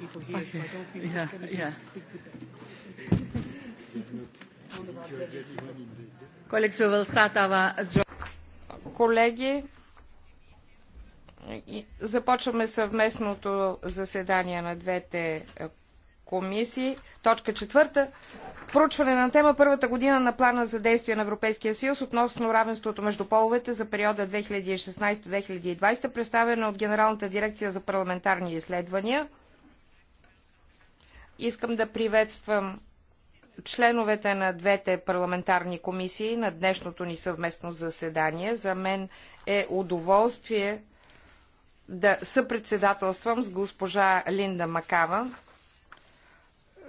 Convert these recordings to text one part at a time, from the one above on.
people here, so I don't think yeah, it's going to yeah. Колеги, we'll Колеги, започваме съвместното заседание на двете е, комисии. Точка четвърта. Проучване на тема първата година на плана за действие на Европейския съюз относно равенството между половете за периода 2016-2020, представена от Генералната дирекция за парламентарни изследвания. Искам да приветствам членовете на двете парламентарни комисии на днешното ни съвместно заседание. За мен е удоволствие да съпредседателствам с госпожа Линда Макава,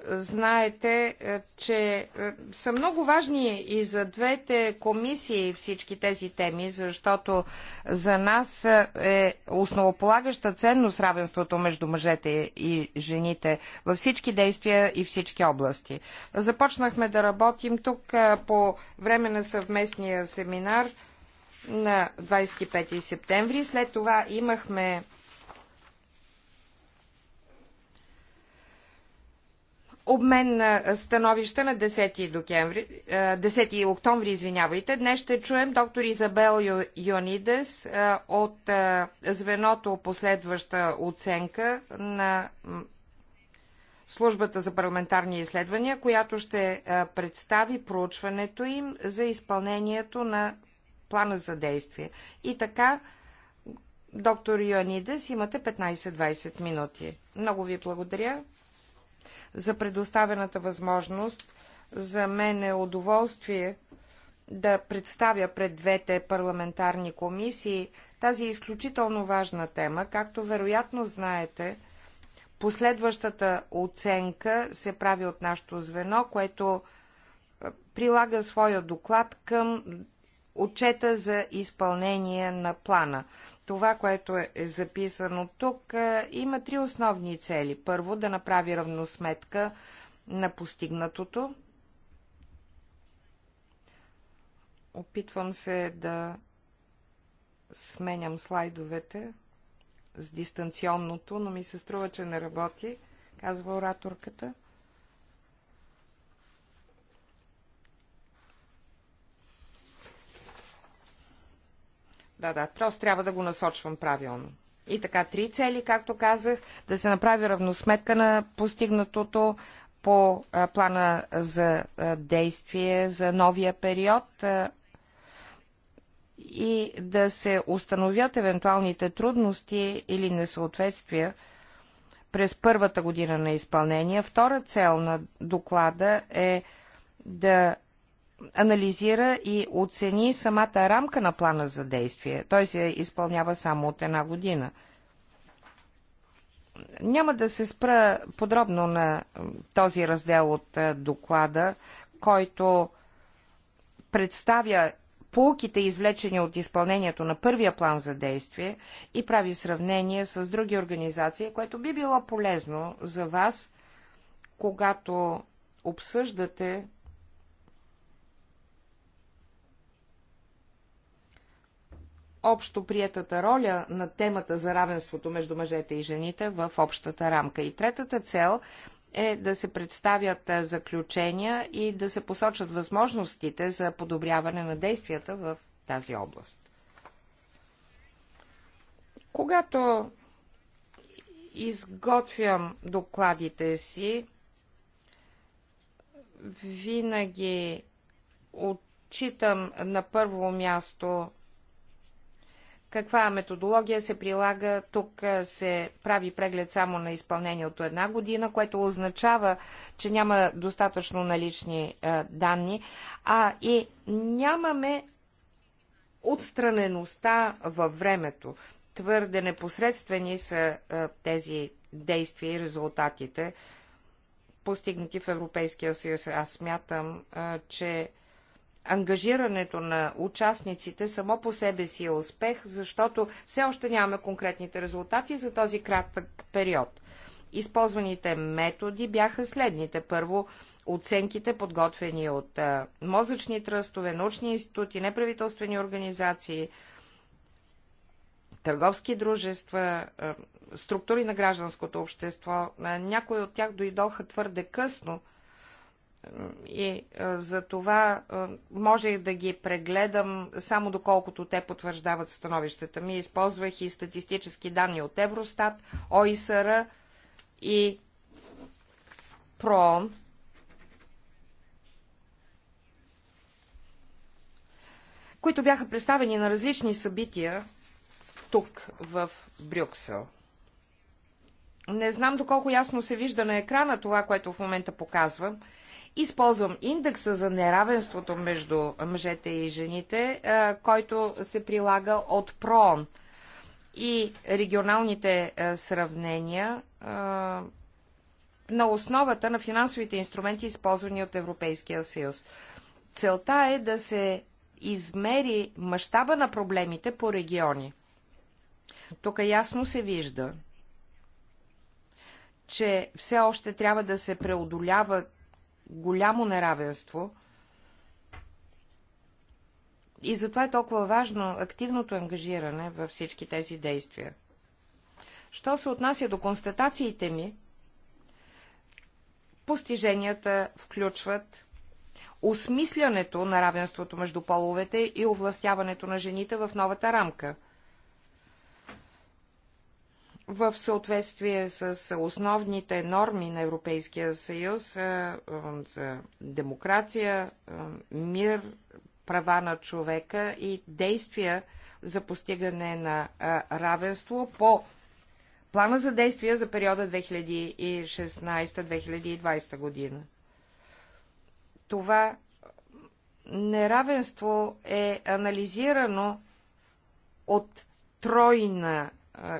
знаете, е, че е, са много важни и за двете комисии всички тези теми, защото за нас е, е основополагаща ценност равенството между мъжете и жените във всички действия и всички области. Започнахме да работим тук по време на съвместния семинар на 25 септември. След това имахме обмен на становища на 10, декември, 10 октомври. Извинявайте. Днес ще чуем доктор Изабел Йонидес от звеното последваща оценка на службата за парламентарни изследвания, която ще представи проучването им за изпълнението на плана за действие. И така, доктор Йонидес, имате 15-20 минути. Много ви благодаря за предоставената възможност. За мен е удоволствие да представя пред двете парламентарни комисии тази изключително важна тема. Както вероятно знаете, последващата оценка се прави от нашето звено, което е, прилага своя доклад към отчета за изпълнение на плана това, което е, е записано тук, е, има три основни цели. Първо, да направи равносметка на постигнатото. Опитвам се да сменям слайдовете с дистанционното, но ми се струва, че не работи, казва ораторката. Да, да, просто трябва да го насочвам правилно. И така, три цели, както казах, да се направи равносметка на постигнатото по а, плана за а, действие за новия период а, и да се установят евентуалните трудности или несъответствия през първата година на изпълнение. Втора цел на доклада е да анализира и оцени самата рамка на плана за действие. Той се изпълнява само от една година. Няма да се спра подробно на този раздел от доклада, който представя полуките, извлечени от изпълнението на първия план за действие и прави сравнение с други организации, което би било полезно за вас, когато обсъждате общо приетата роля на темата за равенството между мъжете и жените в общата рамка. И третата цел е да се представят заключения и да се посочат възможностите за подобряване на действията в тази област. Когато изготвям докладите си, винаги отчитам на първо място каква методология се прилага? Тук се прави преглед само на изпълнението една година, което означава, че няма достатъчно налични данни, а и нямаме отстранеността във времето. Твърде непосредствени са тези действия и резултатите, постигнати в Европейския съюз. Аз смятам, че ангажирането на участниците само по себе си е успех, защото все още нямаме конкретните резултати за този кратък период. Използваните методи бяха следните. Първо, оценките, подготвени от мозъчни тръстове, научни институти, неправителствени организации, търговски дружества, структури на гражданското общество. Някои от тях дойдоха твърде късно – и е, за това е, може да ги прегледам само доколкото те потвърждават становищата ми. Използвах и статистически данни от Евростат, ОИСР и ПРООН. които бяха представени на различни събития тук в Брюксел. Не знам доколко ясно се вижда на екрана това, което в момента показвам. Използвам индекса за неравенството между мъжете и жените, който се прилага от ПРОН. И регионалните сравнения на основата на финансовите инструменти, използвани от Европейския съюз. Целта е да се измери мащаба на проблемите по региони. Тук ясно се вижда, че все още трябва да се преодоляват голямо неравенство. И затова е толкова важно активното ангажиране във всички тези действия. Що се отнася до констатациите ми, постиженията включват осмислянето на равенството между половете и овластяването на жените в новата рамка – в съответствие с основните норми на Европейския съюз за демокрация, мир, права на човека и действия за постигане на равенство по плана за действие за периода 2016-2020 година. Това неравенство е анализирано от тройна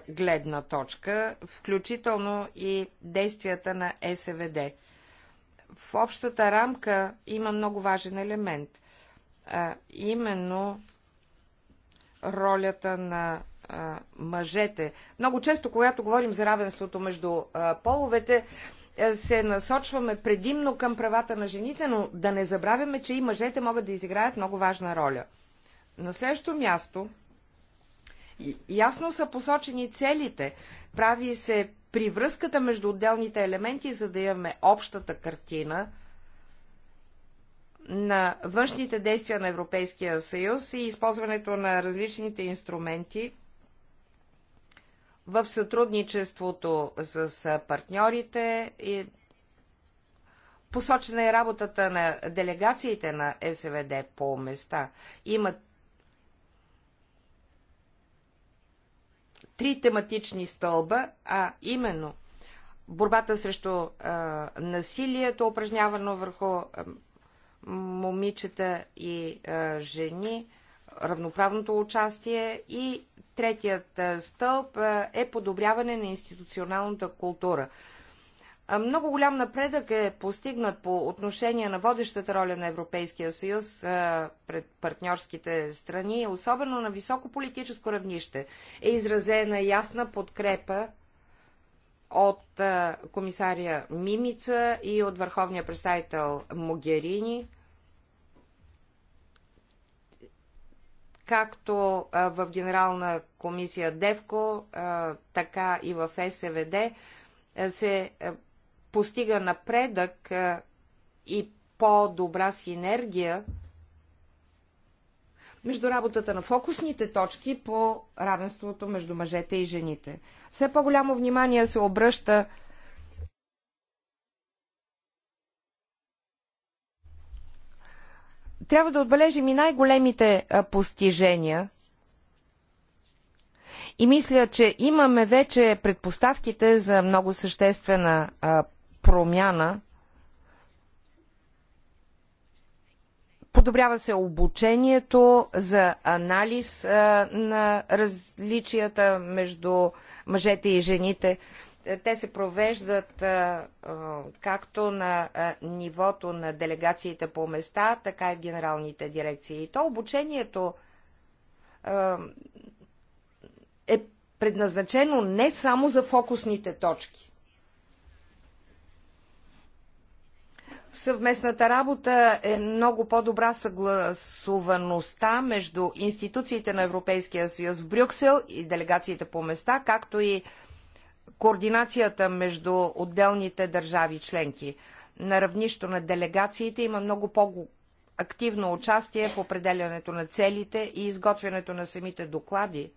гледна точка, включително и действията на СВД. В общата рамка има много важен елемент, а, именно ролята на а, мъжете. Много често, когато говорим за равенството между а, половете, се насочваме предимно към правата на жените, но да не забравяме, че и мъжете могат да изиграят много важна роля. На следващото място Ясно са посочени целите, прави се привръзката между отделните елементи, за да имаме общата картина на външните действия на Европейския съюз и използването на различните инструменти в сътрудничеството с партньорите и Посочена е работата на делегациите на СВД по места. Имат три тематични стълба, а именно борбата срещу а, насилието, упражнявано върху а, момичета и а, жени, равноправното участие и третият стълб е подобряване на институционалната култура. Много голям напредък е постигнат по отношение на водещата роля на Европейския съюз пред партньорските страни, особено на високо политическо равнище. Е изразена ясна подкрепа от комисария Мимица и от върховния представител Могерини, както в Генерална комисия ДЕВКО, така и в СВД е се постига напредък и по-добра синергия между работата на фокусните точки по равенството между мъжете и жените. Все по-голямо внимание се обръща Трябва да отбележим и най-големите постижения. И мисля, че имаме вече предпоставките за много съществена промяна. Подобрява се обучението за анализ на различията между мъжете и жените. Е, те се провеждат както на нивото на делегациите по места, така и в генералните дирекции. И то обучението е предназначено не само за фокусните точки. съвместната работа е много по-добра съгласуваността между институциите на Европейския съюз в Брюксел и делегациите по места, както и координацията между отделните държави членки. На равнището на делегациите има много по-активно участие в определянето на целите и изготвянето на самите доклади,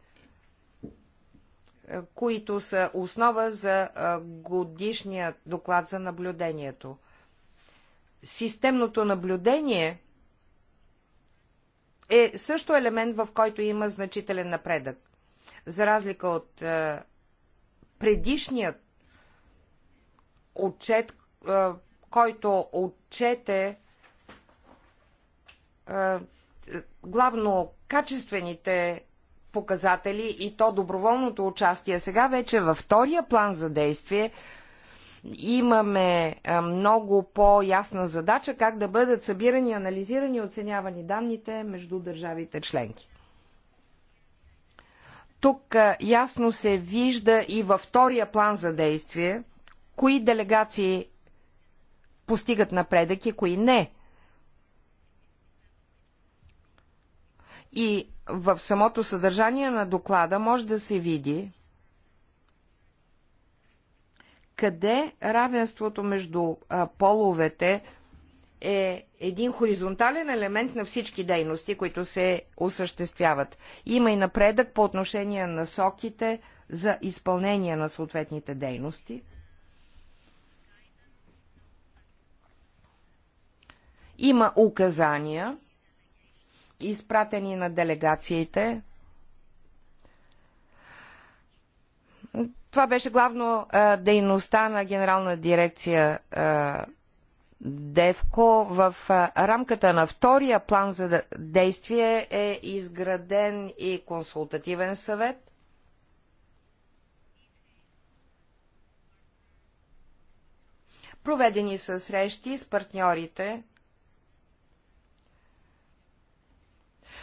е, които са основа за е, годишния доклад за наблюдението – системното наблюдение е също елемент, в който има значителен напредък. За разлика от е, предишният отчет, е, който отчете е, главно качествените показатели и то доброволното участие. Сега вече във втория план за действие имаме много по-ясна задача как да бъдат събирани, анализирани и оценявани данните между държавите членки. Тук ясно се вижда и във втория план за действие, кои делегации постигат напредък и кои не. И в самото съдържание на доклада може да се види, къде равенството между половете е един хоризонтален елемент на всички дейности, които се осъществяват. Има и напредък по отношение на СОките за изпълнение на съответните дейности. Има указания, изпратени на делегациите Това беше главно а, дейността на генерална дирекция а, Девко. В а, рамката на втория план за действие е изграден и консултативен съвет. Проведени са срещи с партньорите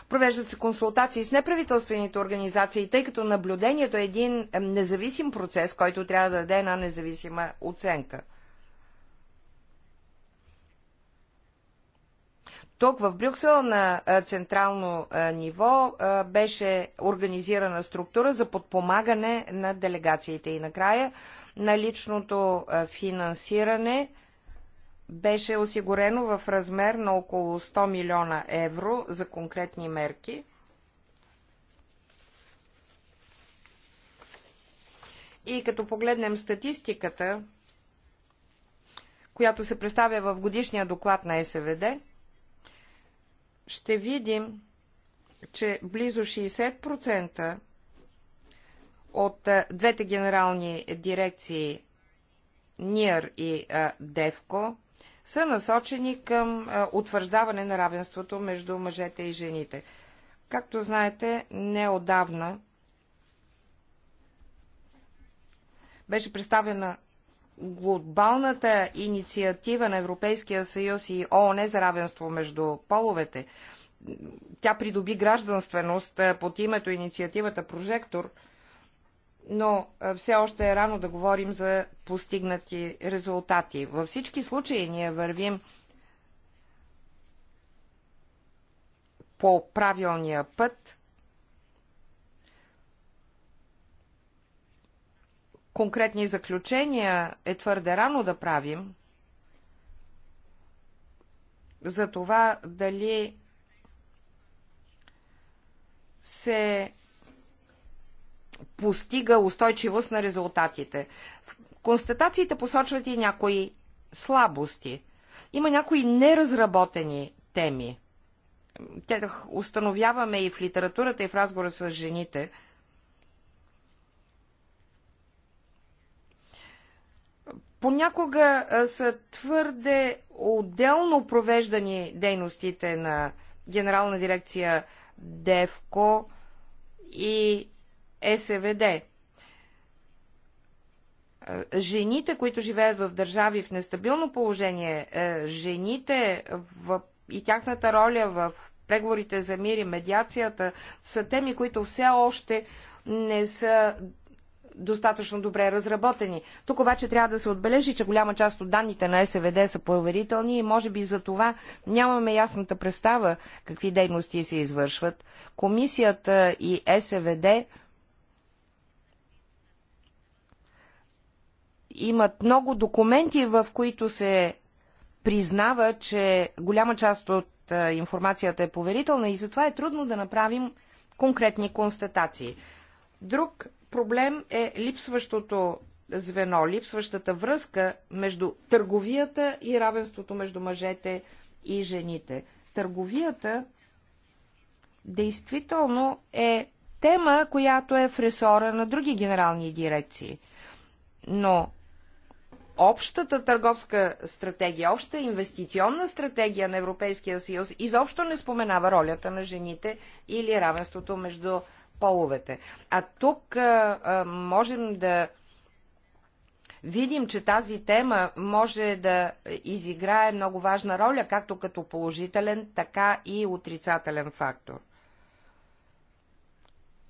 Провеждат се консултации с неправителствените организации, тъй като наблюдението е един независим процес, който трябва да даде една независима оценка. Тук в Брюксел на централно ниво беше организирана структура за подпомагане на делегациите и накрая на личното финансиране – беше осигурено в размер на около 100 милиона евро за конкретни мерки. И като погледнем статистиката, която се представя в годишния доклад на СВД, ще видим, че близо 60% от двете генерални дирекции НИР и ДЕВКО са насочени към утвърждаване на равенството между мъжете и жените. Както знаете, неодавна беше представена глобалната инициатива на Европейския съюз и ООН за равенство между половете. Тя придоби гражданственост под името инициативата Прожектор – но все още е рано да говорим за постигнати резултати. Във всички случаи ние вървим по правилния път. Конкретни заключения е твърде рано да правим за това дали се постига устойчивост на резултатите. Констатациите посочват и някои слабости. Има някои неразработени теми. Те установяваме и в литературата, и в разговора с жените. Понякога са твърде отделно провеждани дейностите на Генерална дирекция ДЕВКО и СВД. Е, жените, които живеят в държави в нестабилно положение, е, жените в... и тяхната роля в преговорите за мир и медиацията са теми, които все още не са достатъчно добре разработени. Тук обаче трябва да се отбележи, че голяма част от данните на СВД са поверителни и може би за това нямаме ясната представа какви дейности се извършват. Комисията и СВД имат много документи, в които се признава, че голяма част от информацията е поверителна и затова е трудно да направим конкретни констатации. Друг проблем е липсващото звено, липсващата връзка между търговията и равенството между мъжете и жените. Търговията действително е тема, която е в ресора на други генерални дирекции. Но общата търговска стратегия, общата инвестиционна стратегия на Европейския съюз изобщо не споменава ролята на жените или равенството между половете. А тук а, а, можем да видим, че тази тема може да изиграе много важна роля, както като положителен, така и отрицателен фактор.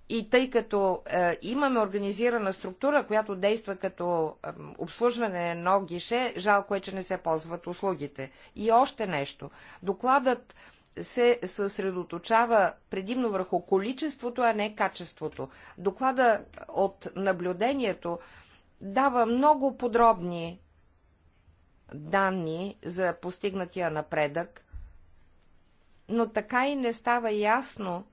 И тъй като е, имаме организирана структура, която действа като е, обслужване на едно гише, жалко е, че не се ползват услугите. И още нещо. Докладът се съсредоточава предимно върху количеството, а не качеството. Доклада от наблюдението дава много подробни данни за постигнатия напредък, но така и не става ясно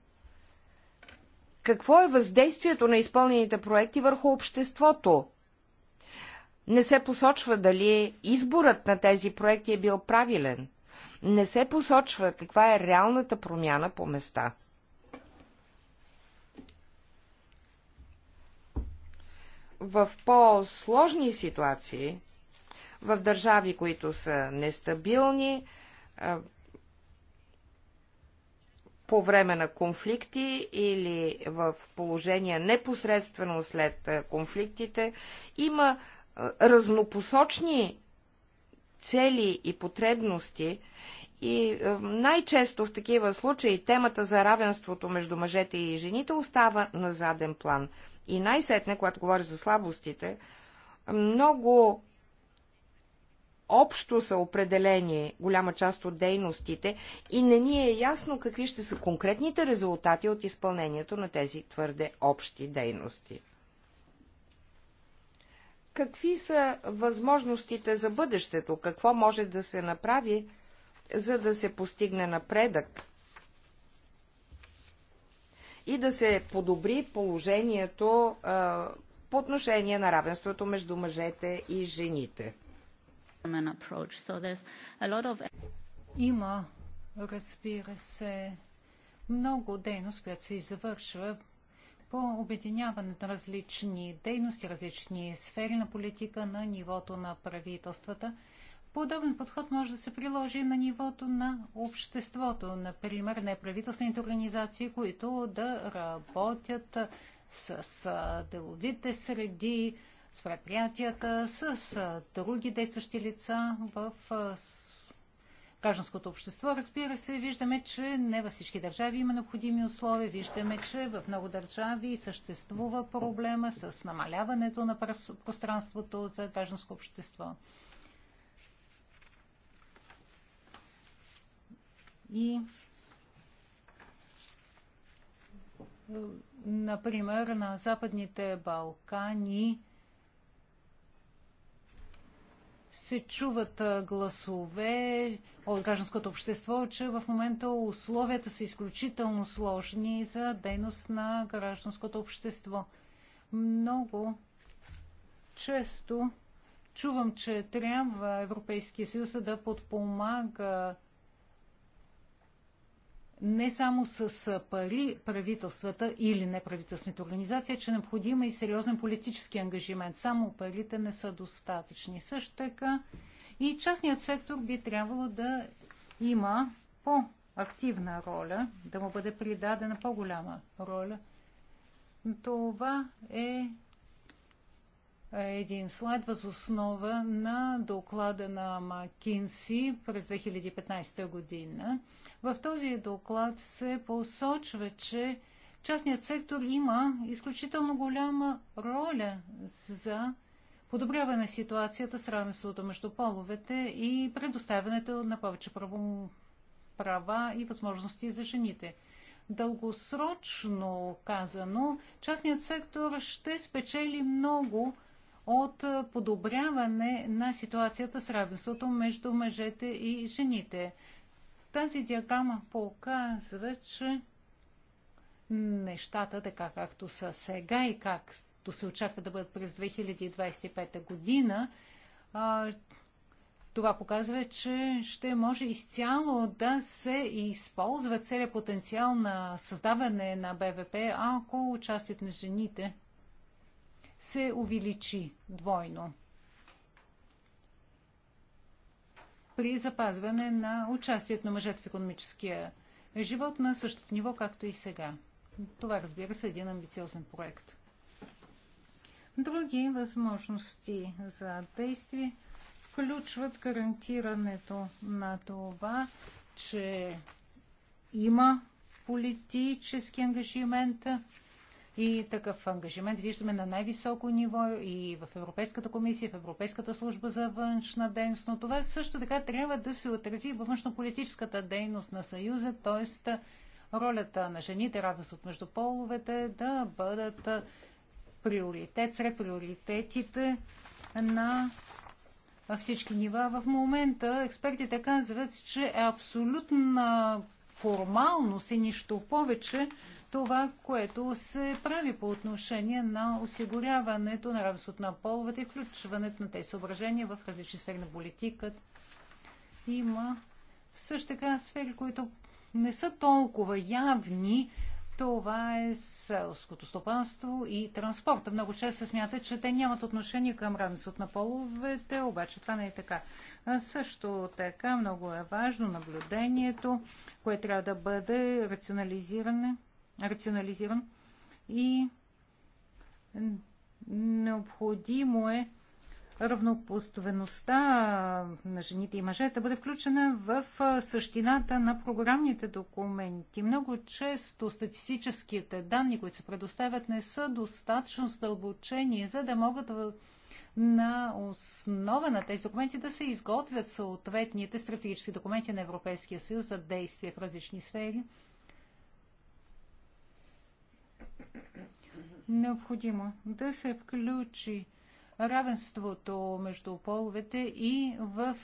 какво е въздействието на изпълнените проекти върху обществото? Не се посочва дали изборът на тези проекти е бил правилен. Не се посочва каква е реалната промяна по места. В по-сложни ситуации, в държави, които са нестабилни, по време на конфликти или в положения непосредствено след конфликтите. Има разнопосочни цели и потребности и най-често в такива случаи темата за равенството между мъжете и жените остава на заден план. И най-сетне, когато говоря за слабостите, много общо са определени голяма част от дейностите и не ни е ясно какви ще са конкретните резултати от изпълнението на тези твърде общи дейности. Какви са възможностите за бъдещето? Какво може да се направи, за да се постигне напредък и да се подобри положението а, по отношение на равенството между мъжете и жените? Има, разбира се, много дейност, която се извършва по обединяването на различни дейности, различни сфери на политика на нивото на правителствата. Подобен подход може да се приложи на нивото на обществото, например на правителствените организации, които да работят с деловите среди, с предприятията, с други действащи лица в гражданското общество. Разбира се, виждаме, че не във всички държави има необходими условия. Виждаме, че в много държави съществува проблема с намаляването на пространството за гражданско общество. И например, на Западните Балкани се чуват гласове от гражданското общество, че в момента условията са изключително сложни за дейност на гражданското общество. Много често чувам, че трябва Европейския съюз да подпомага не само с пари правителствата или неправителствените организации, че е необходима необходим и сериозен политически ангажимент. Само парите не са достатъчни. Също така и частният сектор би трябвало да има по-активна роля, да му бъде придадена по-голяма роля. Това е един слайд въз основа на доклада на Макинси през 2015 година. В този доклад се посочва, че частният сектор има изключително голяма роля за подобряване на ситуацията с равенството между половете и предоставянето на повече права и възможности за жените дългосрочно казано, частният сектор ще спечели много от подобряване на ситуацията с равенството между мъжете и жените. Тази диаграма показва, че нещата така както са сега и както се очаква да бъдат през 2025 година, това показва, че ще може изцяло да се използва целият потенциал на създаване на БВП, ако участието на жените се увеличи двойно при запазване на участието на мъжете в економическия живот на същото ниво, както и сега. Това, разбира се, е един амбициозен проект. Други възможности за действие включват гарантирането на това, че има политически ангажимент и такъв ангажимент виждаме на най-високо ниво и в Европейската комисия, в Европейската служба за външна дейност. Но това също така трябва да се отрази във външнополитическата дейност на Съюза, т.е. ролята на жените, равенството между половете да бъдат приоритет сред приоритетите на всички нива. В момента експертите казват, че е абсолютна формалност и нищо повече това, което се прави по отношение на осигуряването на равенството на половете и включването на тези съображения в различни сфери на политиката. Има също така сфери, които не са толкова явни. Това е селското стопанство и транспорта. Много често се смята, че те нямат отношение към равенството на половете, обаче това не е така. А също така много е важно наблюдението, което трябва да бъде рационализиране, рационализиран и необходимо е равнопоставеността на жените и мъжете да бъде включена в същината на програмните документи. Много често статистическите данни, които се предоставят, не са достатъчно стълбочени, за да могат да на основа на тези документи да се изготвят съответните стратегически документи на Европейския съюз за действие в различни сфери. Необходимо да се включи равенството между половете и в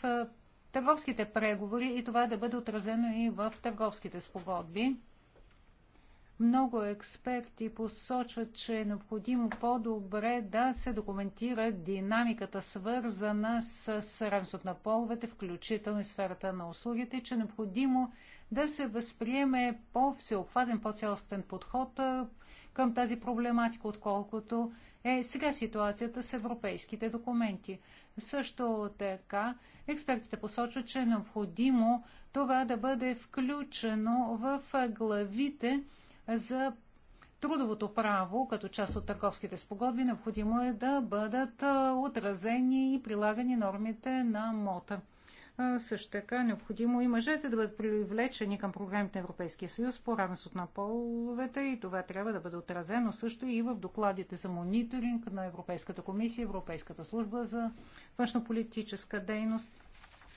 търговските преговори и това да бъде отразено и в търговските спогодби. Много експерти посочват, че е необходимо по-добре да се документира динамиката, свързана с равенството на половете, включително и сферата на услугите, че е необходимо да се възприеме по-всеобхватен, по-цялостен подход към тази проблематика, отколкото е сега ситуацията с европейските документи. Също така, експертите посочват, че е необходимо това да бъде включено в главите за трудовото право, като част от търговските спогодби, необходимо е да бъдат отразени и прилагани нормите на МОТА. Също така необходимо и мъжете да бъдат привлечени към програмите на Европейския съюз по равенството на половете и това трябва да бъде отразено също и в докладите за мониторинг на Европейската комисия, Европейската служба за външнополитическа дейност.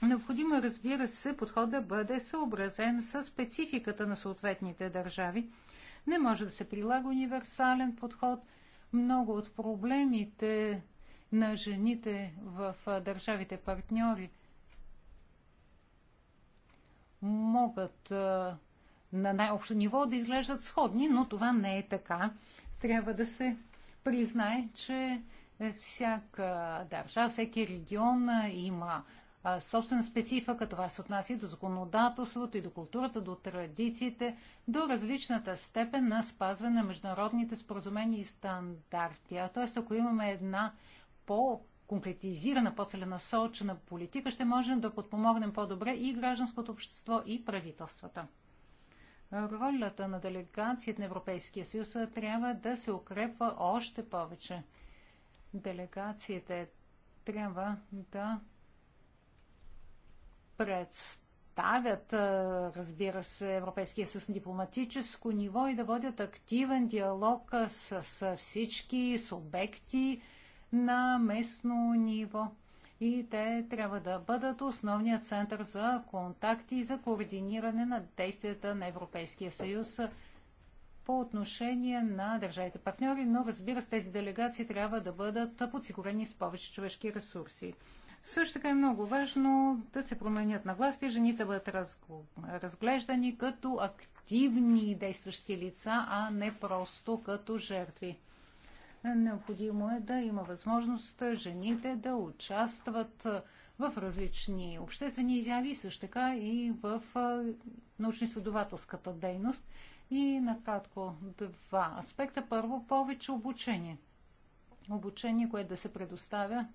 Необходимо, е, разбира се, подход да бъде съобразен с спецификата на съответните държави не може да се прилага универсален подход. Много от проблемите на жените в държавите партньори могат на най-общо ниво да изглеждат сходни, но това не е така. Трябва да се признае, че всяка държава, всеки регион има собствена специфика. Това се отнася и до законодателството, и до културата, до традициите, до различната степен на спазване на международните споразумения и стандарти. А т.е. ако имаме една по- конкретизирана, по-целенасочена политика, ще можем да подпомогнем по-добре и гражданското общество, и правителствата. Ролята на делегацията на Европейския съюз трябва да се укрепва още повече. Делегацията е- трябва да представят, разбира се, Европейския съюз на дипломатическо ниво и да водят активен диалог с, с всички субекти на местно ниво. И те трябва да бъдат основният център за контакти и за координиране на действията на Европейския съюз по отношение на държавите партньори, но разбира се, тези делегации трябва да бъдат подсигурени с повече човешки ресурси. Също така е много важно да се променят нагласите и жените бъдат разглеждани като активни действащи лица, а не просто като жертви. Необходимо е да има възможност жените да участват в различни обществени изяви, също така и в научно-изследователската дейност. И накратко два аспекта. Първо, повече обучение. Обучение, което да се предоставя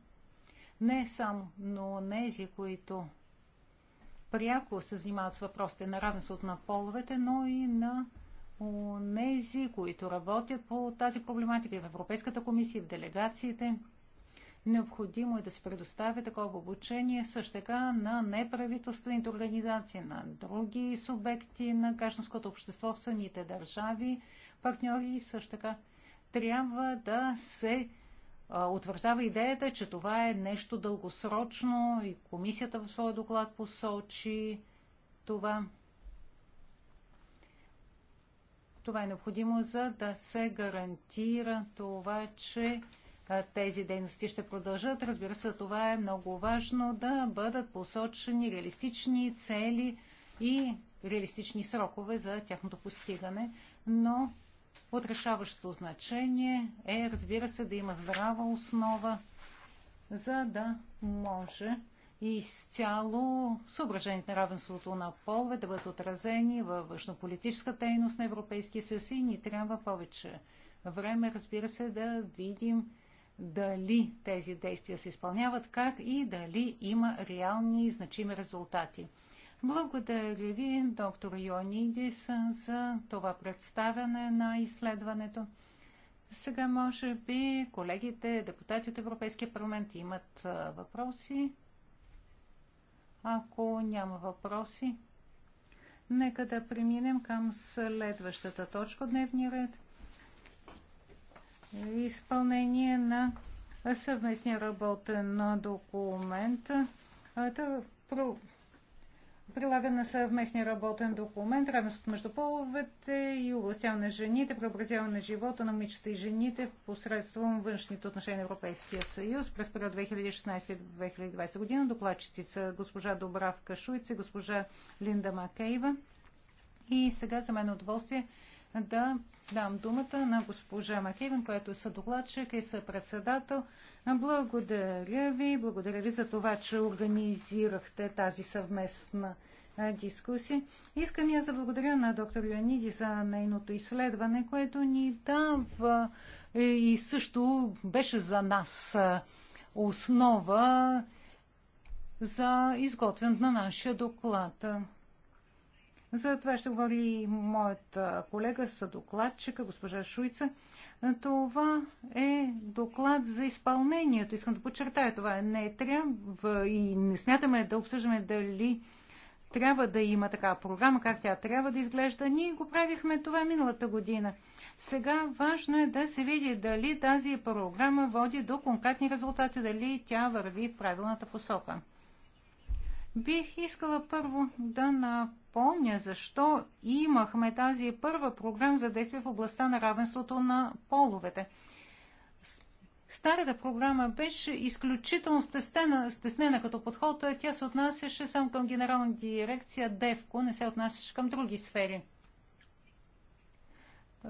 не само на нези, които пряко се занимават с въпросите на равенството на половете, но и на нези, които работят по тази проблематика в Европейската комисия, в делегациите. Необходимо е да се предоставя такова обучение също така на неправителствените организации, на други субекти на гражданското общество в самите държави, партньори и също така трябва да се утвърждава идеята, че това е нещо дългосрочно и комисията в своя доклад посочи това. Това е необходимо, за да се гарантира това, че тези дейности ще продължат. Разбира се, това е много важно да бъдат посочени реалистични цели и реалистични срокове за тяхното постигане, но от решаващо значение е, разбира се, да има здрава основа, за да може изцяло съображението на равенството на полове да бъдат отразени във външнополитическа дейност на Европейския съюз и ни трябва повече време, разбира се, да видим дали тези действия се изпълняват как и дали има реални и значими резултати. Благодаря ви, доктор Йонидис, за това представяне на изследването. Сега, може би, колегите, депутати от Европейския парламент имат въпроси. Ако няма въпроси, нека да преминем към следващата точка от дневния ред. Изпълнение на съвместния работен документ прилагане на съвместния работен документ, равенството между половете и областяване на жените, преобразяване на живота на момичета и жените посредством външните отношения на Европейския съюз през период 2016-2020 година. Докладчици са госпожа Добравка Шуйц и госпожа Линда Макейва И сега за мен е удоволствие да дам думата на госпожа Махевин, която е съдокладчик и съпредседател. Благодаря ви, благодаря ви за това, че организирахте тази съвместна дискусия. Искам я да благодаря на доктор Юаниди за нейното изследване, което ни дава е, и също беше за нас основа за изготвянето на нашия доклад. За това ще говори и моят колега, съдокладчика, госпожа Шуйца. Това е доклад за изпълнението. Искам да подчертая това. Не трябва и не смятаме да обсъждаме дали трябва да има такава програма, как тя трябва да изглежда. Ние го правихме това миналата година. Сега важно е да се види дали тази програма води до конкретни резултати, дали тя върви в правилната посока. Бих искала първо да на помня защо имахме тази първа програма за действие в областта на равенството на половете. Старата програма беше изключително стеснена, стеснена като подход. Тя се отнасяше само към генерална дирекция ДЕВКО, не се отнасяше към други сфери.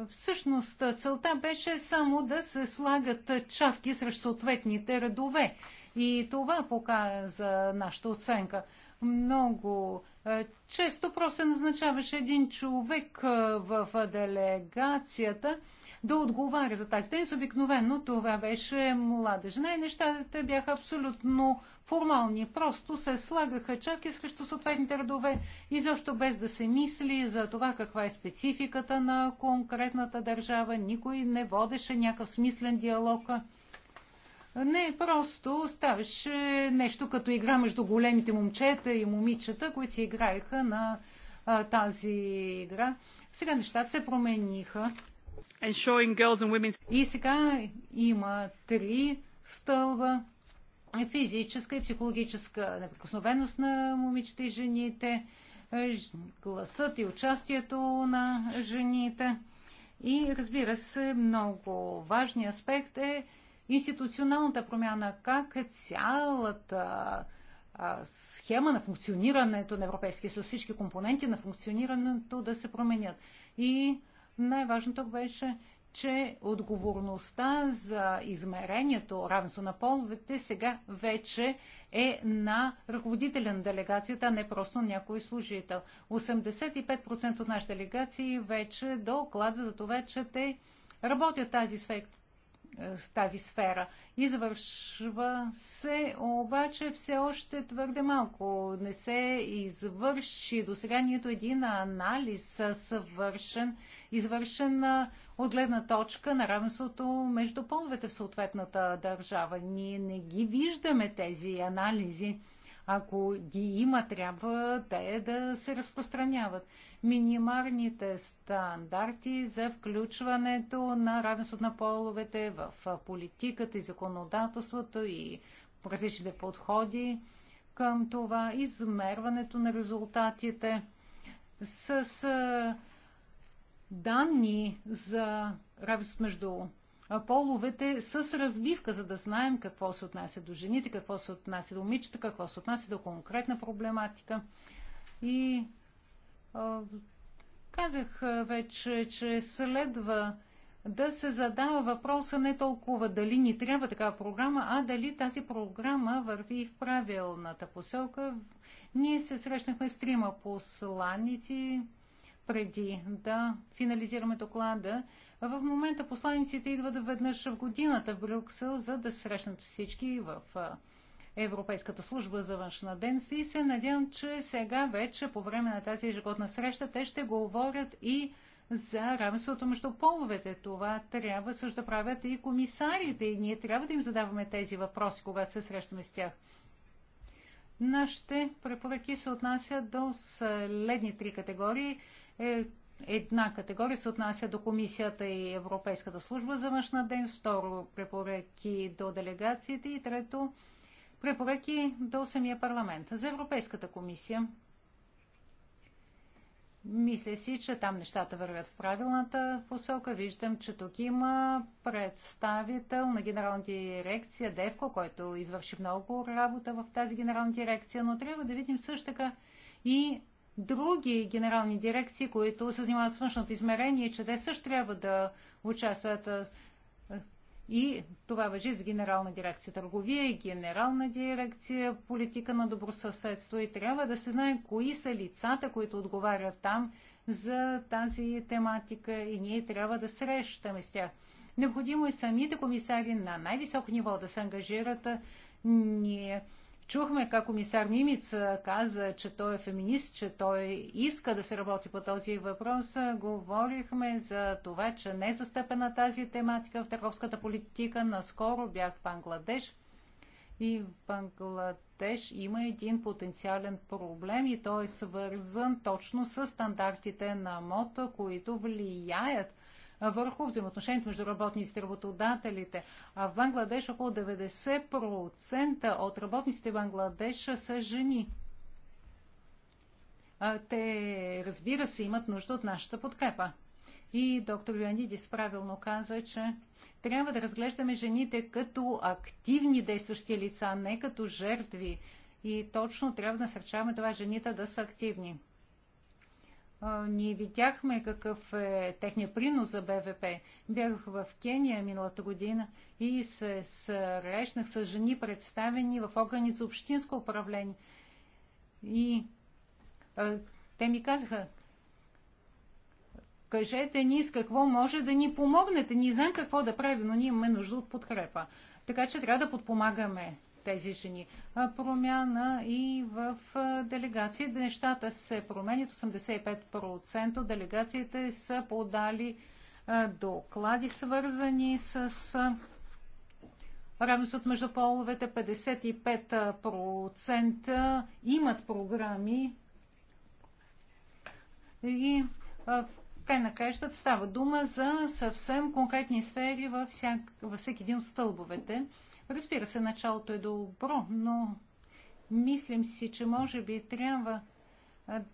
Всъщност целта беше само да се слагат чавки срещу съответните редове. И това показа нашата оценка – много е, често просто се назначаваше един човек е, в делегацията да отговаря за тази тенс. Обикновено това беше млада жена и нещата бяха абсолютно формални. Просто се слагаха чаки срещу съответните родове, и защо без да се мисли за това каква е спецификата на конкретната държава. Никой не водеше някакъв смислен диалог не просто ставаше нещо като игра между големите момчета и момичета, които си играеха на а, тази игра. Сега нещата се промениха. И сега има три стълба физическа и психологическа неприкосновеност на момичета и жените, гласът и участието на жените. И разбира се, много важният аспект е институционалната промяна, как е цялата схема на функционирането на Европейския съюз, всички компоненти на функционирането да се променят. И най-важното беше, че отговорността за измерението равенство на половете сега вече е на ръководителя на делегацията, а не просто някой служител. 85% от нашите делегации вече докладва за това, че те работят тази е, в тази сфера. Извършва се, обаче все още твърде малко. Не се извърши до сега нито един анализ съвършен, извършен от гледна точка на равенството между половете в съответната държава. Ние не ги виждаме тези анализи. Ако ги има, трябва те да се разпространяват. Минимарните стандарти за включването на равенството на половете в политиката и законодателството и различните подходи към това, измерването на резултатите с данни за равенство между половете с разбивка, за да знаем какво се отнася до жените, какво се отнася до момичета, какво се отнася до конкретна проблематика. И а, казах вече, че следва да се задава въпроса не толкова дали ни трябва такава програма, а дали тази програма върви в правилната поселка. Ние се срещнахме с трима посланици преди да финализираме доклада. В момента посланиците идват веднъж в годината в Брюксел, за да срещнат всички в Европейската служба за външна дейност и се надявам, че сега вече по време на тази ежегодна среща те ще говорят и за равенството между половете. Това трябва също да правят и комисарите и ние трябва да им задаваме тези въпроси, когато се срещаме с тях. Нашите препоръки се отнасят до следни три категории. Е, Една категория се отнася до Комисията и Европейската служба за външна дейност, второ препоръки до делегациите и трето препоръки до самия парламент. За Европейската комисия мисля си, че там нещата вървят в правилната посока. Виждам, че тук има представител на генерална дирекция Девко, който извърши много работа в тази генерална дирекция, но трябва да видим също така и други генерални дирекции, които се занимават с външното измерение, че те също трябва да участват. И това въжи с генерална дирекция търговия и генерална дирекция политика на добросъседство. И трябва да се знае кои са лицата, които отговарят там за тази тематика и ние трябва да срещаме с тях. Необходимо и е самите комисари на най-високо ниво да се ангажират. Ние Чухме как комисар Мимица каза, че той е феминист, че той иска да се работи по този въпрос. Говорихме за това, че не е застъпена тази тематика в търговската политика. Наскоро бях в Бангладеш и в Бангладеш има един потенциален проблем и той е свързан точно с стандартите на МОТО, които влияят върху взаимоотношението между работниците и работодателите. А в Бангладеш около 90% от работниците в Бангладеш са жени. Те, разбира се, имат нужда от нашата подкрепа. И доктор Леонидис правилно каза, че трябва да разглеждаме жените като активни действащи лица, не като жертви. И точно трябва да насърчаваме това жените да са активни ние видяхме какъв е техния принос за БВП. Бях в Кения миналата година и се срещнах с жени, представени в органи за общинско управление. И а, те ми казаха, кажете ни с какво може да ни помогнете. Ние знаем какво да правим, но ние имаме нужда от подкрепа. Така че трябва да подпомагаме тези жени. Промяна и в делегации. Нещата се променят. 85% от делегациите са подали доклади, свързани с равенството между половете. 55% имат програми и в край на краищата става дума за съвсем конкретни сфери във всеки един от стълбовете. Разбира се, началото е добро, но мислим си, че може би трябва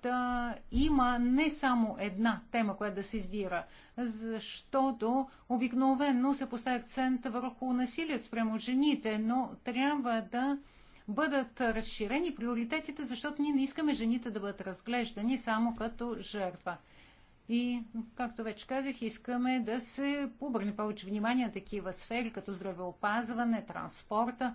да има не само една тема, която да се избира, защото обикновено се поставя акцент върху насилието спрямо жените, но трябва да бъдат разширени приоритетите, защото ние не искаме жените да бъдат разглеждани само като жертва. И, както вече казах, искаме да се обърне повече внимание на такива сфери, като здравеопазване, транспорта.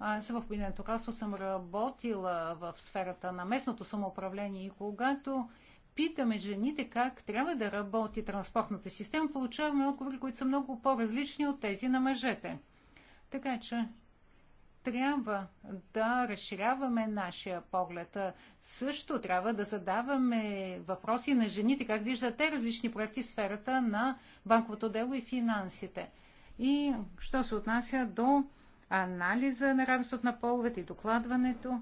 Аз в Обединеното кралство съм работила в сферата на местното самоуправление и когато питаме жените как трябва да работи транспортната система, получаваме отговори, които са много по-различни от тези на мъжете. Така че трябва да разширяваме нашия поглед. Също трябва да задаваме въпроси на жените, как виждат те различни проекти в сферата на банковото дело и финансите. И що се отнася до анализа на равенството на половете и докладването,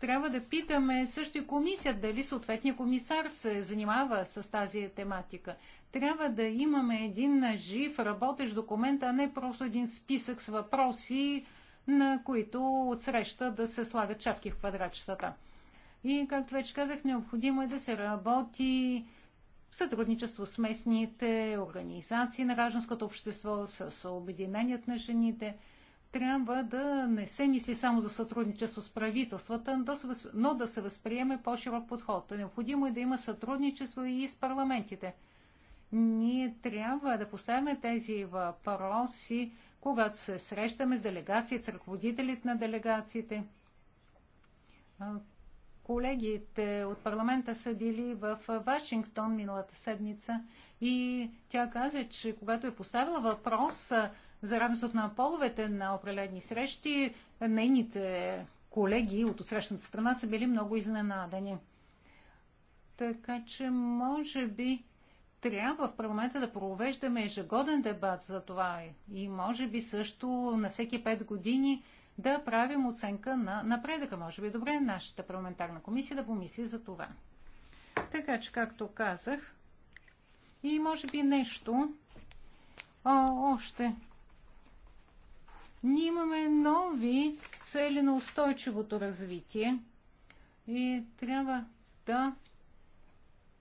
трябва да питаме също и комисията, дали съответния комисар се занимава с тази тематика. Трябва да имаме един жив, работещ документ, а не просто един списък с въпроси, на които отсреща да се слагат чавки в квадратчетата. И, както вече казах, необходимо е да се работи в сътрудничество с местните организации на гражданското общество, с Обединението на жените – трябва да не се мисли само за сътрудничество с правителствата, но да се възприеме по-широк подход. Необходимо е да има сътрудничество и с парламентите. Ние трябва да поставяме тези въпроси, когато се срещаме с делегации, с ръководителите на делегациите. Колегите от парламента са били в Вашингтон миналата седмица и тя каза, че когато е поставила въпрос за равенството на половете на определени срещи, нейните колеги от отсрещната страна са били много изненадани. Така че, може би, трябва в парламента да провеждаме ежегоден дебат за това и може би също на всеки 5 години да правим оценка на напредъка. Може би е добре нашата парламентарна комисия да помисли за това. Така че, както казах, и може би нещо о, още ние имаме нови цели на устойчивото развитие и трябва да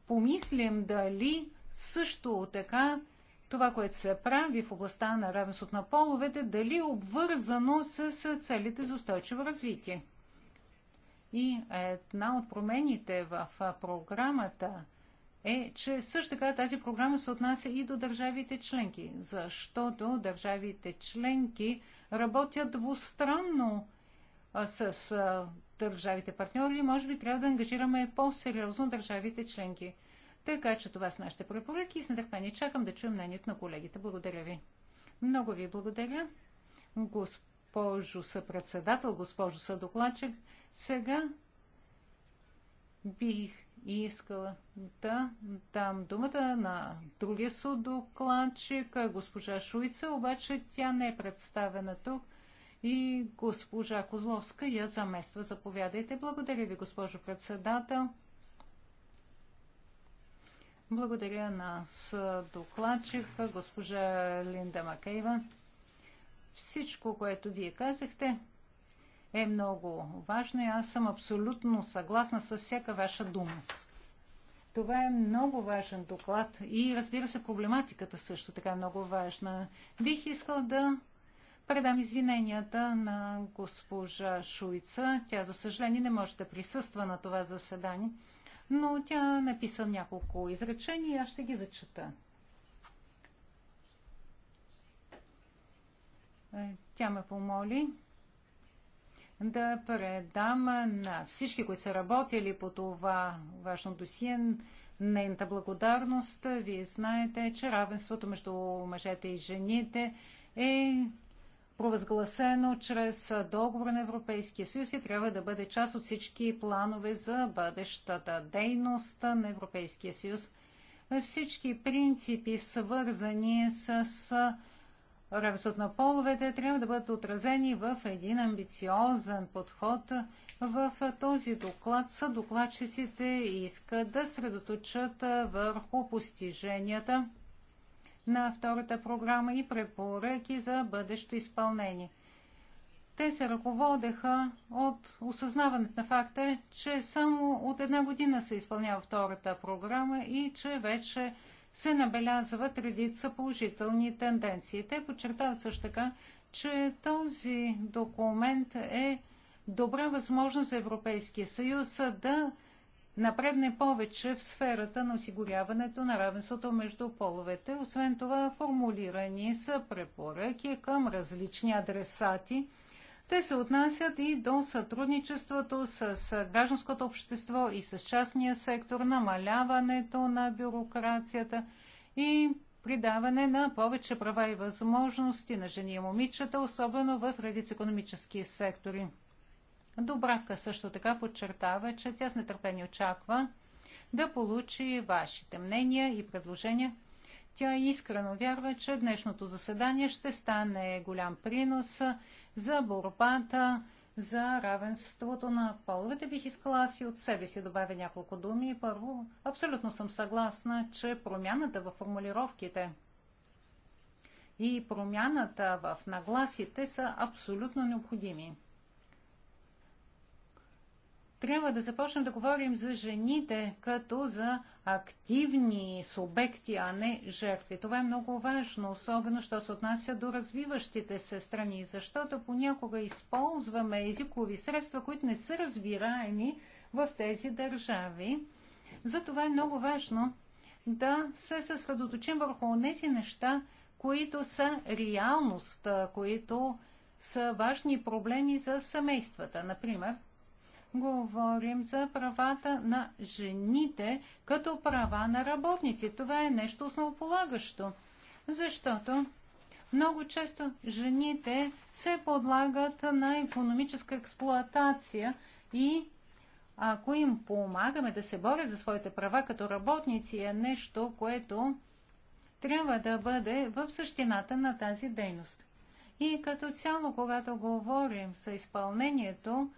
помислим дали също така това, което се прави в областта на равенството на половете, дали е обвързано с целите за устойчиво развитие. И една от промените в програмата е, че също така тази програма се отнася и до държавите членки, защото държавите членки работят двустранно с държавите партньори и може би трябва да ангажираме по-сериозно държавите членки. Така че това са нашите препоръки и с нетърпение чакам да чуем мнението на колегите. Благодаря ви. Много ви благодаря. Госпожо съпредседател, госпожо съдокладчик, сега бих и искала да дам думата на другия судокланчик, госпожа Шуица, обаче тя не е представена тук и госпожа Козловска я замества. Заповядайте. Благодаря ви, госпожо председател. Благодаря на докладчика, госпожа Линда Макейва. Всичко, което вие казахте, е много важна и аз съм абсолютно съгласна с всяка ваша дума. Това е много важен доклад и разбира се, проблематиката също така е много важна. Бих искал да предам извиненията на госпожа Шуица. Тя, за съжаление, не може да присъства на това заседание, но тя написа няколко изречения и аз ще ги зачета. Е, тя ме помоли да предам на всички, които са работили по това важно досие, нейната благодарност. Вие знаете, че равенството между мъжете и жените е провъзгласено чрез договор на Европейския съюз и трябва да бъде част от всички планове за бъдещата дейност на Европейския съюз. Всички принципи, свързани с равенството на половете трябва да бъдат отразени в един амбициозен подход. В този доклад са докладчиците искат да средоточат върху постиженията на втората програма и препоръки за бъдещо изпълнение. Те се ръководеха от осъзнаването на факта, че само от една година се изпълнява втората програма и че вече се набелязват редица положителни тенденции. Те подчертават също така, че този документ е добра възможност за Европейския съюз да напредне повече в сферата на осигуряването на равенството между половете. Освен това, формулирани са препоръки към различни адресати – те се отнасят и до сътрудничеството с гражданското общество и с частния сектор, намаляването на бюрокрацията и придаване на повече права и възможности на жени и момичета, особено в редици економически сектори. Добравка също така подчертава, че тя с нетърпение очаква да получи вашите мнения и предложения. Тя искрено вярва, че днешното заседание ще стане голям принос за борбата за равенството на половете. Бих искала си от себе си добавя няколко думи. Първо, абсолютно съм съгласна, че промяната във формулировките и промяната в нагласите са абсолютно необходими трябва да започнем да говорим за жените като за активни субекти, а не жертви. Това е много важно, особено що се отнася до развиващите се страни, защото понякога използваме езикови средства, които не са разбираеми в тези държави. Затова е много важно да се съсредоточим върху тези неща, които са реалност, които са важни проблеми за семействата. Например, говорим за правата на жените като права на работници. Това е нещо основополагащо, защото много често жените се подлагат на економическа експлоатация и ако им помагаме да се борят за своите права като работници, е нещо, което трябва да бъде в същината на тази дейност. И като цяло, когато говорим за изпълнението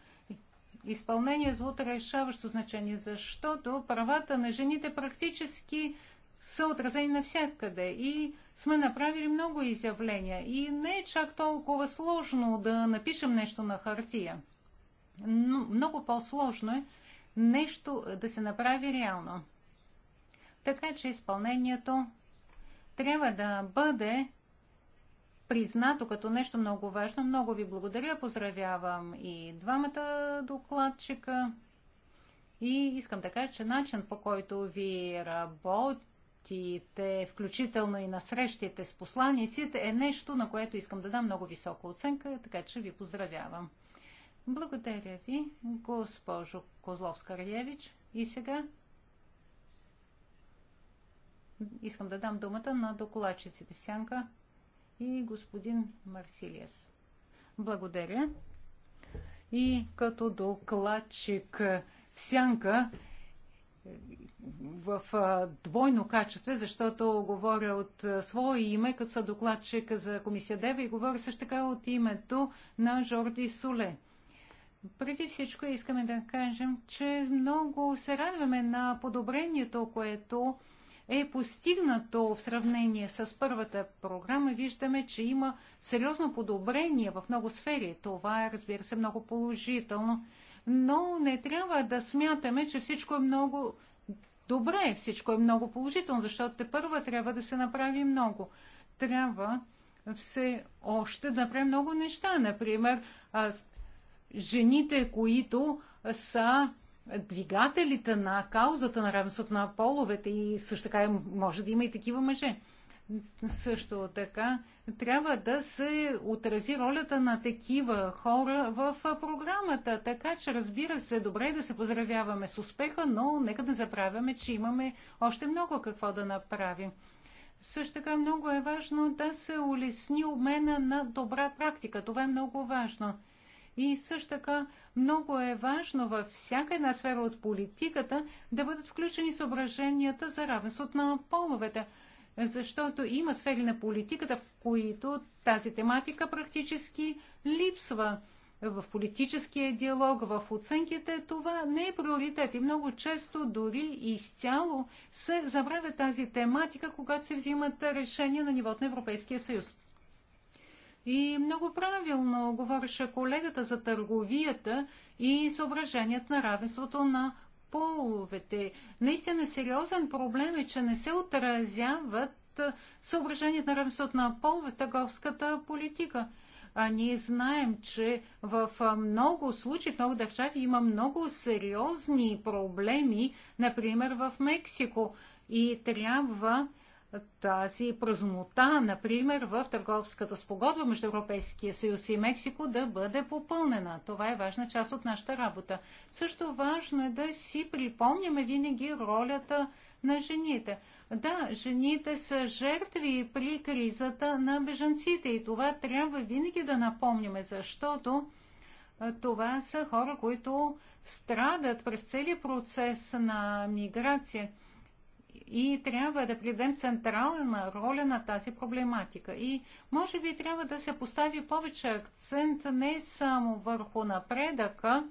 изпълнението от решаващо значение, защото правата на жените практически са отразени навсякъде и сме направили много изявления и не е чак толкова сложно да напишем нещо на хартия. Но много по-сложно е нещо да се направи реално. Така че изпълнението трябва да бъде признато като нещо много важно. Много ви благодаря. Поздравявам и двамата докладчика. И искам да кажа, че начин по който ви работите, включително и на срещите с посланиците, е нещо, на което искам да дам много висока оценка, така че ви поздравявам. Благодаря ви, госпожо Козловска-Раевич. И сега искам да дам думата на докладчиците в сянка и господин Марсилиес. Благодаря. И като докладчик сянка в двойно качество, защото говоря от свое име, като са докладчик за комисия Дева и говоря също така от името на Жорди Суле. Преди всичко искаме да кажем, че много се радваме на подобрението, което е постигнато в сравнение с първата програма, виждаме, че има сериозно подобрение в много сфери. Това е, разбира се, много положително. Но не трябва да смятаме, че всичко е много добре, всичко е много положително, защото те първа трябва да се направи много. Трябва все още да направим много неща. Например, жените, които са двигателите на каузата на равенството на половете и също така може да има и такива мъже. Също така трябва да се отрази ролята на такива хора в програмата. Така че, разбира се, добре е да се поздравяваме с успеха, но нека да забравяме, че имаме още много какво да направим. Също така много е важно да се улесни обмена на добра практика. Това е много важно. И също така много е важно във всяка една сфера от политиката да бъдат включени съображенията за равенството на половете, защото има сфери на политиката, в които тази тематика практически липсва в политическия диалог, в оценките, това не е приоритет. И много често дори изцяло се забравя тази тематика, когато се взимат решения на нивото на Европейския съюз. И много правилно говореше колегата за търговията и съображеният на равенството на половете. Наистина сериозен проблем е, че не се отразяват съображението на равенството на полове в търговската политика. А ние знаем, че в много случаи, в много държави има много сериозни проблеми, например в Мексико. И трябва тази празнота, например, в търговската спогодба между Европейския съюз и Мексико да бъде попълнена. Това е важна част от нашата работа. Също важно е да си припомняме винаги ролята на жените. Да, жените са жертви при кризата на бежанците и това трябва винаги да напомняме, защото това са хора, които страдат през целият процес на миграция и трябва да придадем централна роля на тази проблематика. И може би трябва да се постави повече акцент не само върху напредъка,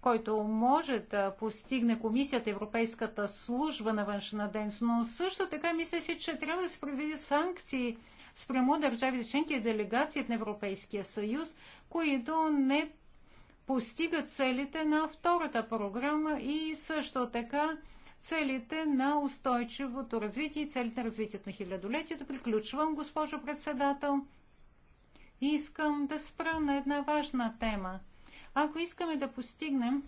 който може да постигне Комисията Европейската служба на външна дейност, но също така мисля си, че трябва да се предвидят санкции спрямо държави, членки и делегации на Европейския съюз, които не постигат целите на втората програма и също така целите на устойчивото развитие и целите на развитието на хилядолетието. Приключвам, госпожо председател. Искам да спра на една важна тема. Ако искаме да постигнем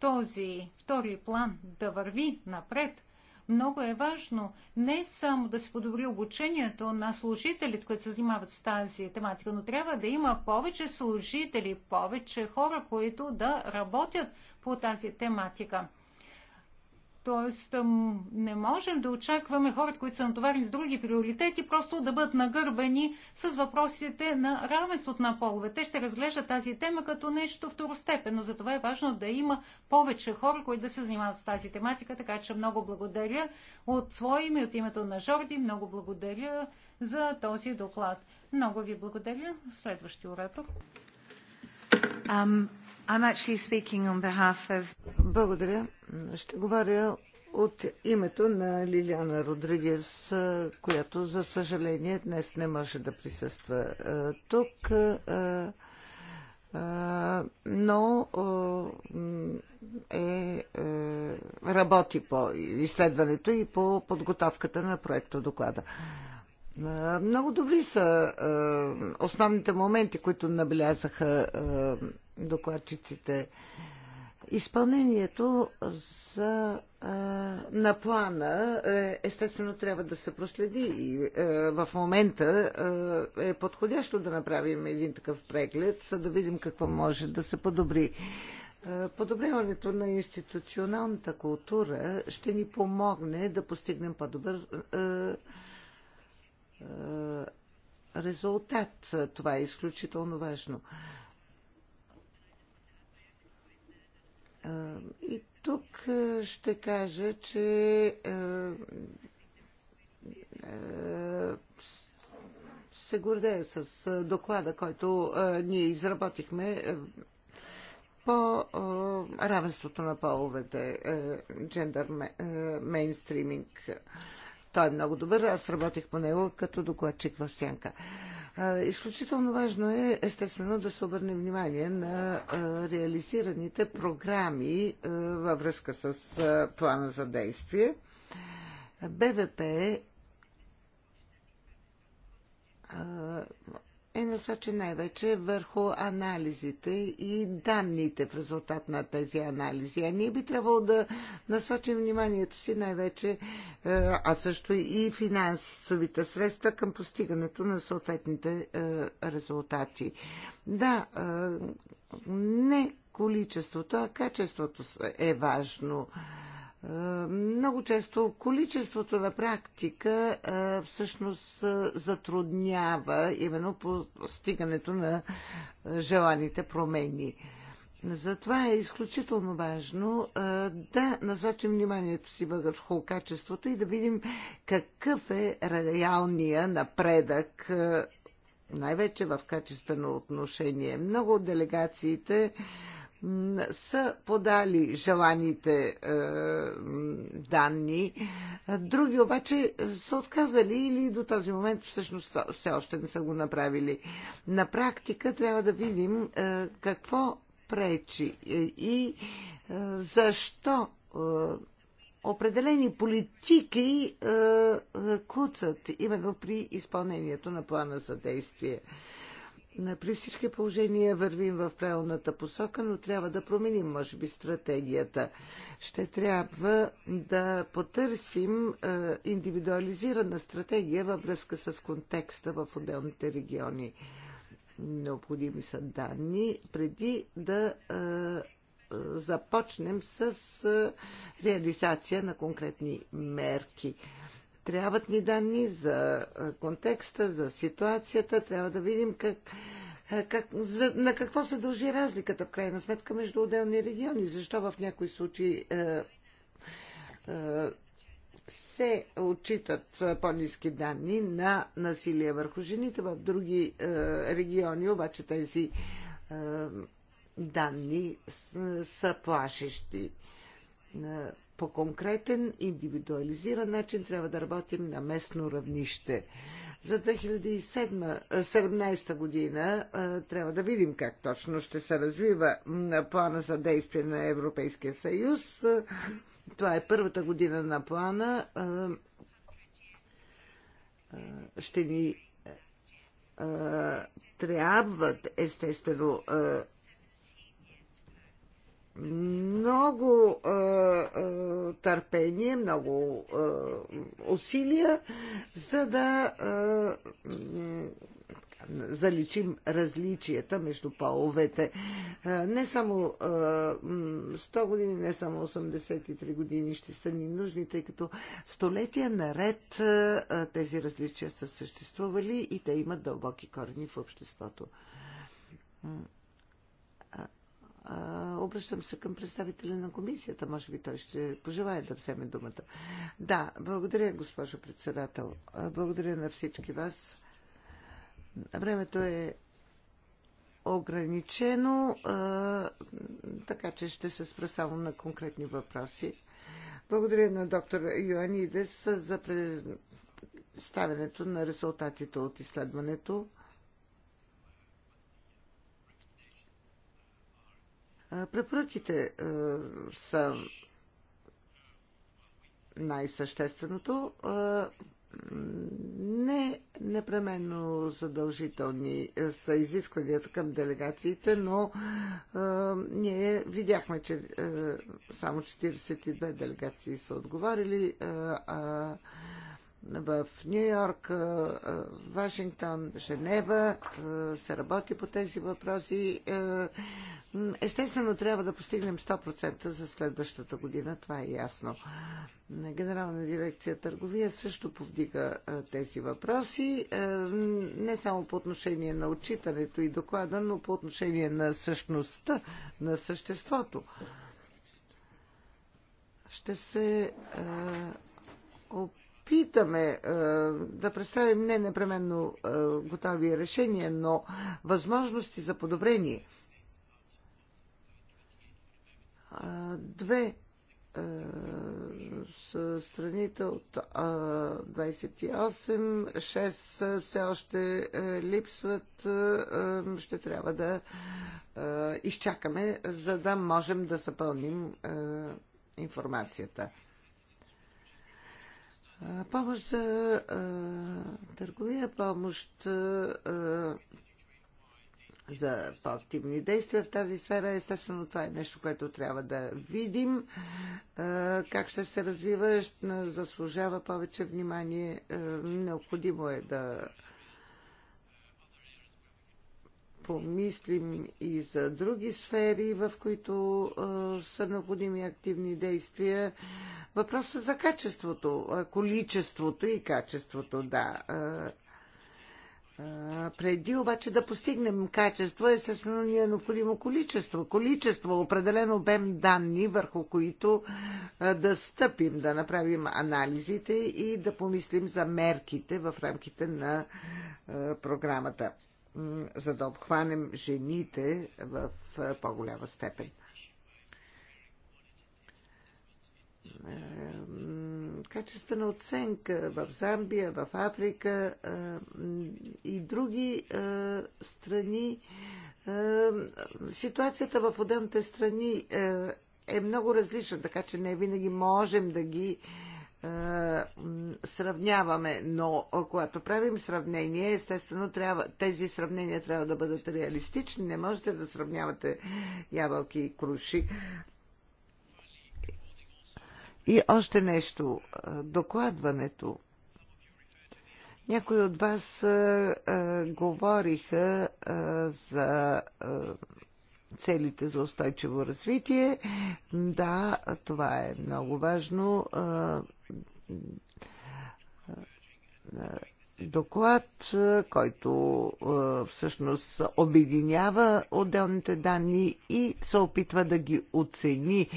този втори план да върви напред, много е важно не само да се подобри обучението на служителите, които се занимават с тази тематика, но трябва да има повече служители, повече хора, които да работят по тази тематика. Тоест, не можем да очакваме хората, които са натоварени с други приоритети, просто да бъдат нагърбени с въпросите на равенството на полове. Те ще разглеждат тази тема като нещо второстепенно. Затова е важно да има повече хора, които да се занимават с тази тематика. Така че много благодаря от свое име, от името на Жорди. Много благодаря за този доклад. Много ви благодаря. Следващи оратор. Благодаря. Ще говоря от името на Лилиана Родригес, която за съжаление днес не може да присъства тук. Но е, работи по изследването и по подготовката на проекта доклада. Много добри са основните моменти, които набелязаха докладчиците. Изпълнението за, а, на плана е, естествено трябва да се проследи и а, е, в момента а, е, е подходящо да направим един такъв преглед, за да видим какво може да се подобри. Подобряването на институционалната култура ще ни помогне да постигнем по-добър резултат. Това е изключително важно. И тук ще кажа, че се гордея с доклада, който ние изработихме по равенството на половете, джендър мейнстриминг. Той е много добър. Аз работих по него като докладчик в Сянка. Изключително важно е, естествено, да се обърне внимание на реализираните програми във връзка с плана за действие. БВП е насочен най-вече върху анализите и данните в резултат на тези анализи. А ние би трябвало да насочим вниманието си най-вече, е, а също и финансовите средства към постигането на съответните е, резултати. Да, е, не количеството, а качеството е важно много често количеството на практика всъщност затруднява именно постигането на желаните промени. Затова е изключително важно да насочим вниманието си върху качеството и да видим какъв е реалния напредък най-вече в качествено отношение. Много от делегациите са подали желаните е, данни. Други обаче са отказали или до този момент всъщност все още не са го направили. На практика трябва да видим е, какво пречи е, и е, защо е, определени политики е, е, куцат именно при изпълнението на плана за действие. Е, при всички положения вървим в правилната посока, но трябва да променим, може би, стратегията. Ще трябва да потърсим е, индивидуализирана стратегия във връзка с контекста в отделните региони. Необходими са данни преди да е, започнем с е, реализация на конкретни мерки. Трябват ни данни за контекста, за ситуацията. Трябва да видим как, как, за, на какво се дължи разликата в крайна сметка между отделни региони. Защо в някои случаи е, е, се отчитат по-низки данни на насилие върху жените, в други е, региони обаче тези е, данни са плашещи. Е, по конкретен, индивидуализиран начин трябва да работим на местно равнище. За 2017 година трябва да видим как точно ще се развива плана за действие на Европейския съюз. Това е първата година на плана. Ще ни трябват, естествено, много е, е, търпение, много е, усилия, за да е, заличим различията между половете. Не само 100 години, не само 83 години ще са ни нужни, тъй като столетия наред тези различия са съществували и те имат дълбоки корени в обществото. А, обръщам се към представителя на комисията. Може би той ще пожелая да вземе думата. Да, благодаря, госпожо председател. Благодаря на всички вас. Времето е ограничено, а, така че ще се спра само на конкретни въпроси. Благодаря на доктор Йоанидес за представянето на резултатите от изследването. Препоръките е, са най-същественото. Е, не непременно задължителни е, са изискванията към делегациите, но а, ние видяхме, че а, само 42 делегации са отговарили, а а, в Нью Йорк, Вашингтон, Женева се работи по тези въпроси. Естествено, трябва да постигнем 100% за следващата година, това е ясно. Генерална дирекция търговия също повдига тези въпроси, не само по отношение на отчитането и доклада, но по отношение на същността, на съществото. Ще се опитам опитаме е, да представим не непременно е, готови решения, но възможности за подобрение. Две е, с страните от 28, 6 все още липсват. Ще трябва да изчакаме, за да можем да запълним информацията. Помощ за търговия, помощ за по-активни действия в тази сфера. Естествено, това е нещо, което трябва да видим. Как ще се развива, заслужава повече внимание. Необходимо е да помислим и за други сфери, в които са необходими активни действия. Въпросът за качеството, количеството и качеството, да. Преди обаче да постигнем качество, естествено ни е необходимо количество. Количество, определен обем данни, върху които да стъпим, да направим анализите и да помислим за мерките в рамките на програмата, за да обхванем жените в по-голяма степен. Е, качествена оценка в Замбия, в Африка е, и други е, страни. Ситуацията в отделните страни е много различна, така че не винаги можем да ги сравняваме, но когато правим сравнение, естествено трябва, тези сравнения трябва да бъдат реалистични. Не можете да сравнявате ябълки и круши. И още нещо. Докладването. Някои от вас а, а, говориха а, за а, целите за устойчиво развитие. Да, това е много важно. А, а, доклад, който всъщност обединява отделните данни и се опитва да ги оцени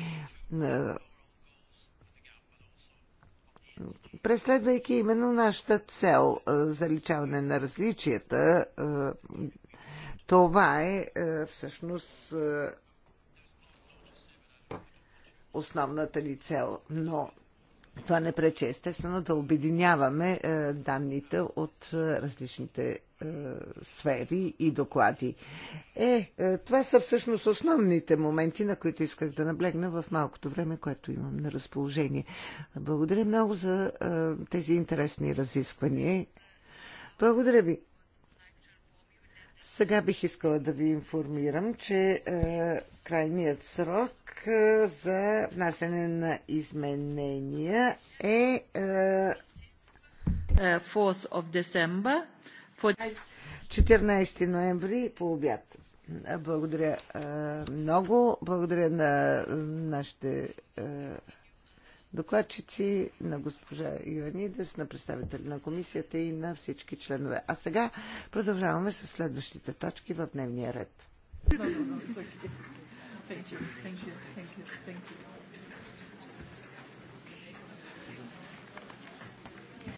преследвайки именно нашата цел е, заличаване на различията. Е, това е, е всъщност основната ни цел. Но това не пречи естествено да обединяваме данните от различните сфери и доклади. Е, е, това са всъщност основните моменти, на които исках да наблегна в малкото време, което имам на разположение. Благодаря много за е, тези интересни разисквания. Благодаря ви. Сега бих искала да ви информирам, че е, крайният срок е, за внасяне на изменения е, е 4 е, of 14 ноември по обяд. Благодаря много. Благодаря на нашите докладчици, на госпожа Йоанидес, на представители на комисията и на всички членове. А сега продължаваме с следващите точки в дневния ред. No, no, no, it's okay. Thank you, thank you, thank you, thank you.